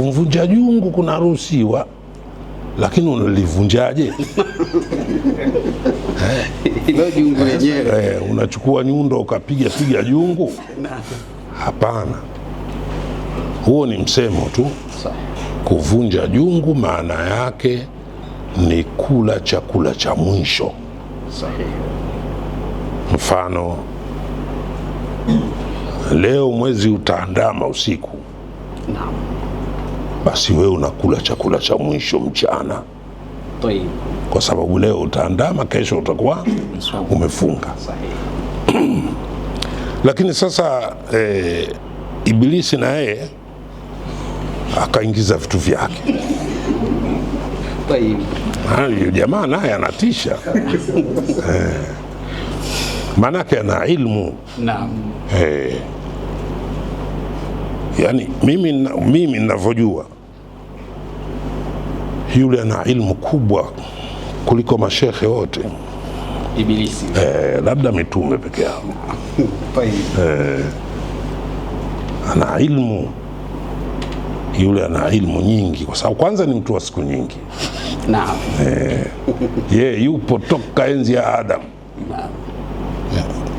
kumvunja jungu kunaruhusiwa, lakini unalivunjaje? Eh. eh, unachukua nyundo ukapiga piga jungu? Hapana, huo ni msemo tu. Kuvunja jungu maana yake ni kula chakula cha mwisho. Mfano, leo mwezi utaandama usiku. Naam basi wewe unakula chakula cha mwisho mchana, kwa sababu leo utaandama, kesho utakuwa umefunga. Lakini sasa e, Ibilisi na yeye akaingiza vitu vyake ah, huyu jamaa naye anatisha eh. maanake ana ilmu. Naam. Eh. Yani mimi mimi ninavyojua, yule ana ilmu kubwa kuliko mashekhe wote Ibilisi. Eh, labda mitume peke yao eh, ana ilmu yule, ana ilmu nyingi, kwa sababu kwanza ni mtu wa siku nyingi naam. Eh, ye yupo toka enzi ya Adam naam.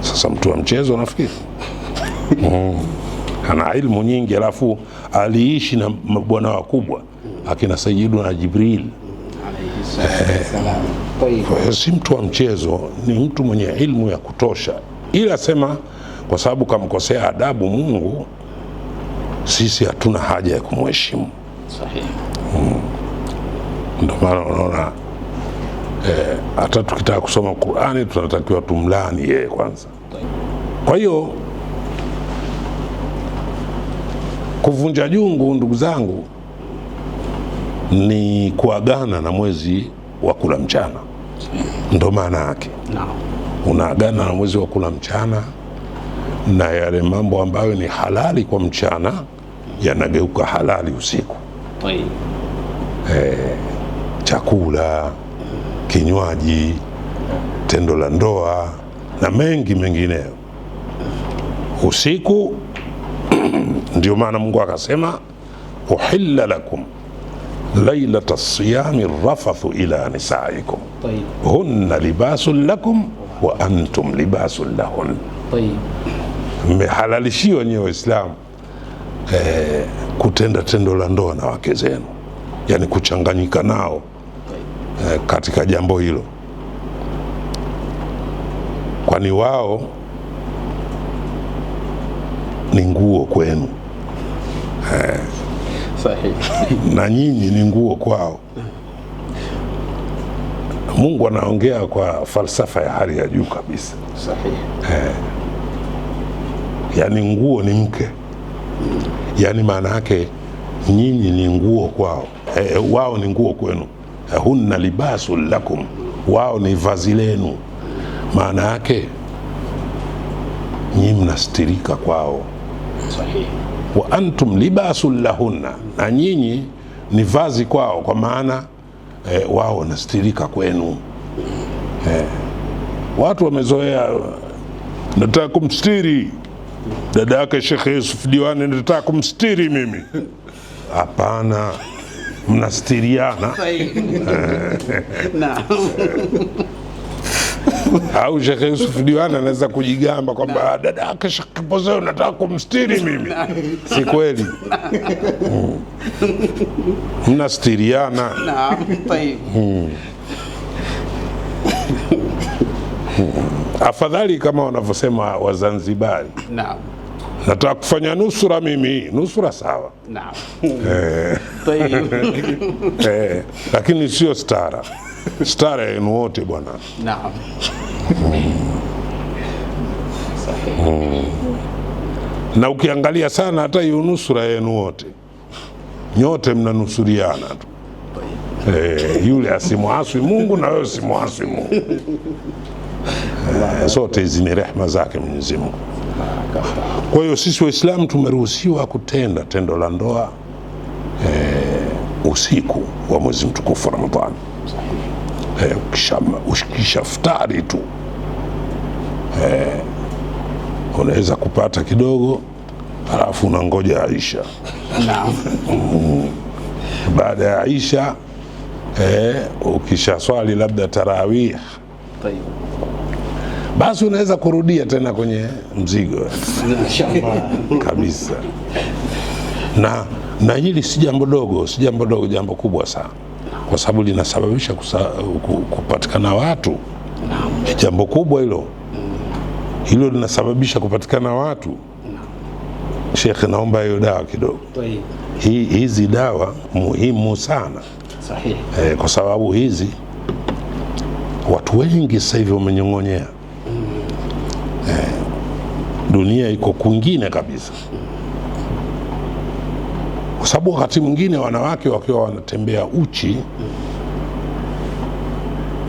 Sasa mtu wa mchezo nafikiri mm ana ilmu nyingi, alafu aliishi na mabwana wakubwa akina na Jibril eh, si mtu wa mchezo, ni mtu mwenye ilmu ya kutosha, ila sema kwa sababu kamkosea adabu Mungu, sisi hatuna haja ya kumheshimu ndo mm. Ndio maana unaona eh, hata eh, tukitaka kusoma Qur'ani tunatakiwa tumlani yeye kwanza. Kwa hiyo Kuvunja jungu, ndugu zangu, ni kuagana na mwezi wa kula mchana, ndo maana yake no. Unaagana na mwezi wa kula mchana, na yale mambo ambayo ni halali kwa mchana yanageuka halali usiku E, chakula, kinywaji, tendo la ndoa na mengi mengineyo usiku ndio maana Mungu akasema uhilla lakum lailata siyami rafathu ila nisaikum hunna libasun lakum wa antum libasun lahun, mmehalalishiwa nyewe Waislamu eh, kutenda tendo la ndoa na wake zenu, yani kuchanganyika nao eh, katika jambo hilo, kwani wao ni nguo kwenu eh. Sahihi. na nyinyi ni nguo kwao. Mungu anaongea kwa falsafa ya hali ya juu kabisa. Sahihi. Eh. Yaani nguo ni mke, yaani maana yake nyinyi ni nguo kwao, eh, wao ni nguo kwenu. Hunna libasu lakum, wao ni vazi lenu. Maana yake nyinyi mnastirika kwao. Sahihi. wa antum libasun lahunna, na nyinyi ni vazi kwao, kwa maana eh, wao wanastirika kwenu eh, Watu wamezoea, nataka kumstiri dada yake shekhe Yusuf Diwani, nataka kumstiri mimi. Hapana, mnastiriana. au Shekhe Yusuf Diwani anaweza kujigamba kwamba dada yake Shekhe Kipozeo kumstiri mimi. Si kweli, hmm. mnastiriana. Hmm. Hmm. Afadhali kama wanavyosema Wazanzibari, nataka kufanya nusura mimi. Nusura sawa eh, eh, lakini sio stara. Stara yenu wote bwana. Mm. Na ukiangalia sana hata hiyo nusura yenu wote nyote mnanusuriana tu eh, yule asimwaswi Mungu na wewe usimwaswi Mungu eh, zote hizi ni rehma zake Mwenyezi Mungu. Kwa hiyo sisi Waislamu tumeruhusiwa kutenda tendo la ndoa eh, usiku wa mwezi mtukufu Ramadhani eh, ukishaftari tu eh, unaweza kupata kidogo alafu unangoja Aisha mm. Baada ya Aisha eh, ukisha swali labda tarawih basi unaweza kurudia tena kwenye mzigo kabisa. Na, na hili si jambo dogo, si jambo dogo, jambo kubwa sana kwa sababu linasababisha kupatikana watu. Ni jambo kubwa hilo, hilo linasababisha kupatikana watu. Shekhe, naomba hiyo dawa kidogo. Hizi dawa muhimu sana sahihi. E, kwa sababu hizi watu wengi sasa hivi wamenyong'onyea. Mm. E, dunia iko kwingine kabisa. Mm kwa sababu wakati mwingine wanawake wakiwa wanatembea uchi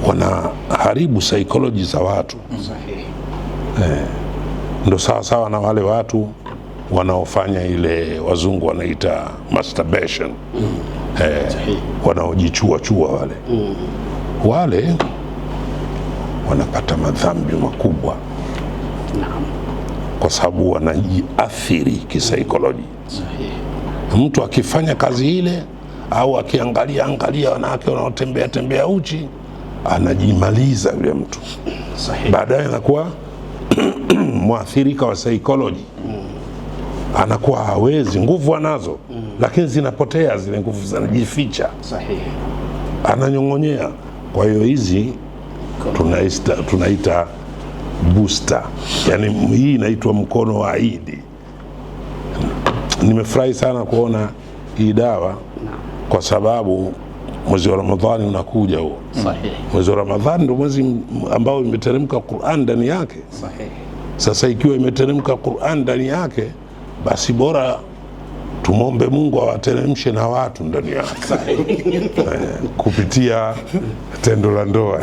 wanaharibu saikoloji za watu eh, ndo sawasawa na wale watu wanaofanya ile wazungu wanaita masturbation mm. eh, wanaojichuachua wale mm. wale wanapata madhambi makubwa kwa sababu wanajiathiri sahihi mtu akifanya kazi ile au akiangalia angalia wanawake wanaotembea tembea uchi anajimaliza yule mtu baadaye anakuwa mwathirika wa mm. anakuwa hawezi, nguvu anazo mm, lakini zinapotea zile nguvu, zinajificha, ananyong'onyea. Kwa hiyo hizi tunaita, tunaita booster, yani hii inaitwa mkono wa aidi nimefurahi sana kuona hii dawa kwa sababu mwezi wa Ramadhani unakuja huo. Sahihi. Mwezi wa Ramadhani ndio mwezi ambao imeteremka Qur'an ndani yake. Sahihi. Sasa ikiwa imeteremka Qur'an ndani yake, basi bora tumwombe Mungu awateremshe wa na watu ndani yake eh, kupitia tendo la ndoa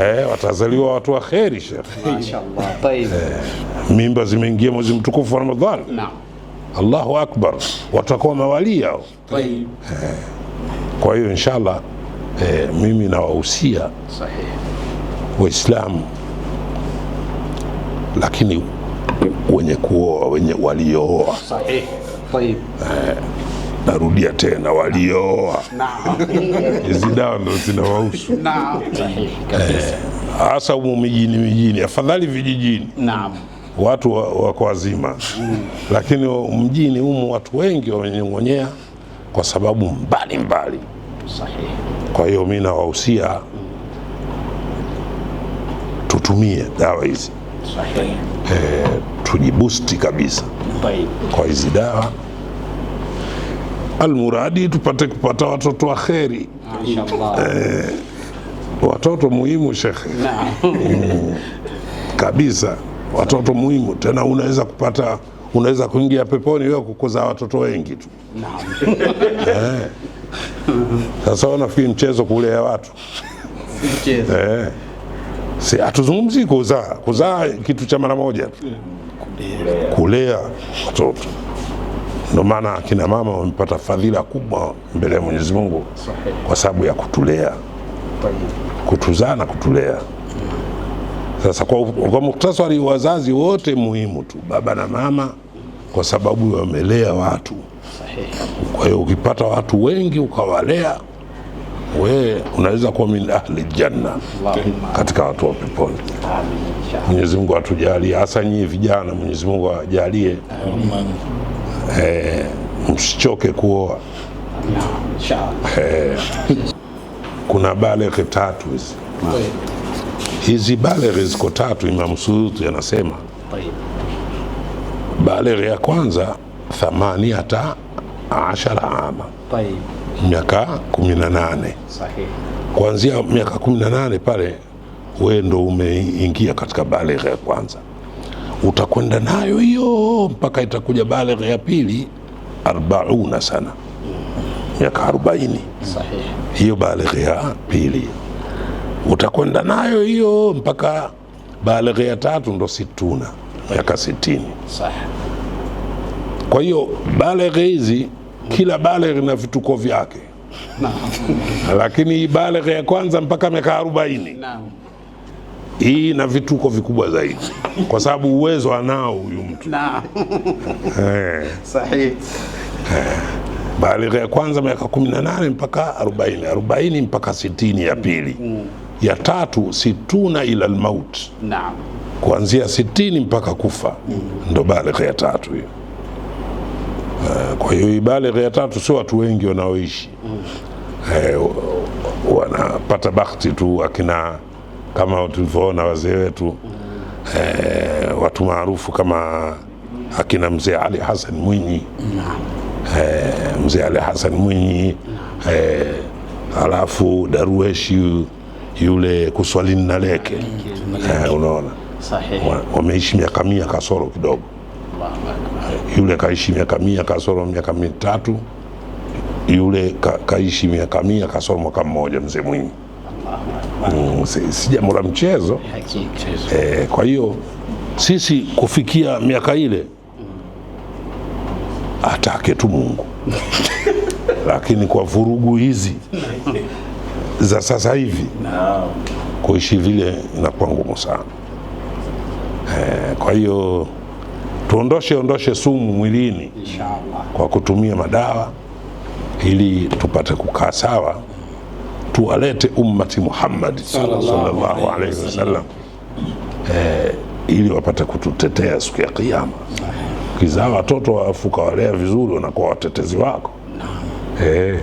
eh, watazaliwa watu wa kheri, shekhe, Tayeb. Eh, mimba zimeingia mwezi mtukufu wa Ramadhani. Naam. Allahu akbar, watu watakuwa mawalia. Kwa hiyo inshallah, eh, mimi nawahusia Waislamu lakini wenye kuoa wenye waliooa eh, narudia tena waliooa hizi dawa ndo zinawahusu eh, hasa umu mijini mijini, afadhali vijijini. Naam watu wako wazima Lakini mjini humu watu wengi wamenyong'onyea kwa sababu mbalimbali. mbali. Kwa hiyo mimi nawahusia tutumie dawa hizi e, eh, tujibusti kabisa Kwa hizi dawa almuradi tupate kupata watoto wa kheri e, watoto muhimu shekhe mm, kabisa watoto muhimu tena, unaweza kupata unaweza kuingia peponi wewe kukuza watoto wengi tu. Naam. Eh. Sasa nafikiri mchezo kulea watu mchezo. Eh. Si hatuzungumzi kuzaa, kuzaa kitu cha mara moja tu, kulea watoto. Ndio maana akina mama wamepata fadhila kubwa mbele ya Mwenyezi Mungu kwa sababu ya kutulea, kutuzaa na kutulea. Sasa kwa, kwa muktasari, wazazi wote muhimu tu, baba na mama, kwa sababu wamelea watu. Kwa hiyo ukipata watu wengi ukawalea we unaweza kuwa min ahli janna, katika watu wa peponi. Mwenyezi Mungu atujalie, hasa nyie vijana, Mwenyezi Mungu awajalie, eh, msichoke kuoa. Eh, kuna baleghe tatu hizi hizi baleri ziko tatu. Imam Suyuti anasema baleri ya kwanza thamaniata ashara ama, miaka na nane Kuanzia miaka nane pale we ndo umeingia katika baleri ya kwanza, utakwenda nayo hiyo mpaka itakuja baleri ya pili arbauna sana, miaka arobaini Hiyo baleri ya pili utakwenda nayo hiyo mpaka balighi ya tatu ndo situna miaka sitini. Kwa hiyo balighi hizi kila balighi na vituko vyake lakini balighi ya kwanza mpaka miaka arobaini hii na vituko vikubwa zaidi, kwa sababu uwezo anao huyu mtu eh. sahihi. Eh. Balighi ya kwanza miaka kumi na nane mpaka arobaini, arobaini mpaka sitini ya pili. Mm ya tatu situna ila lmaut, kuanzia sitini mpaka kufa mm. Ndo balighi ya tatu hiyo. Eh, kwa hiyo hii balighi ya tatu sio watu wengi wanaoishi mm. Eh, wanapata bakhti tu akina kama tulivyoona wazee wetu mm. Eh, watu maarufu kama akina mzee Ali hasan Mwinyi mm. mzee Ali hasan Mwinyi mm. alafu Darueshi yule kuswalini na leke eh, unaona wameishi miaka mia kasoro kidogo yule kaishi miaka mia kasoro miaka mitatu, yule ka, kaishi miaka mia kasoro mwaka mmoja. Mzee Mwinyi mm, si, si jambo la mchezo eh. Kwa hiyo sisi kufikia miaka ile mm. atake tu Mungu lakini kwa vurugu hizi za sasa hivi kuishi vile inakuwa ngumu sana. eh, kwa hiyo tuondoshe ondoshe sumu mwilini kwa kutumia madawa ili tupate kukaa sawa, tuwalete ummati Muhammad sallallahu alaihi wasallam eh, ili wapate kututetea siku ya Kiyama. Kizaa watoto alafu ukawalea vizuri, wanakuwa watetezi wako eh.